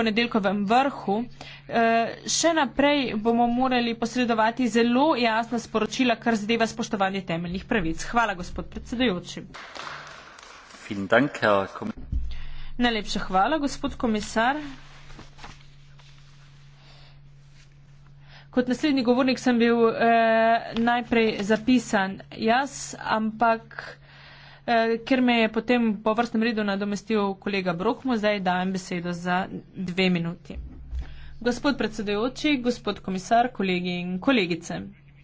ponedeljkovem vrhu. Eh, še naprej bomo morali posredovati zelo jasna sporočila, kar zadeva spoštovanje temeljnih pravic. Hvala, gospod predsedujoči. Najlepša hvala, gospod komisar. Kot naslednji govornik sem bil eh, najprej zapisan jaz, ampak eh, ker me je potem po vrstnem redu nadomestil kolega Brokmo, zdaj dajem besedo za dve minuti. Gospod predsedujoči, gospod komisar, kolegi in kolegice.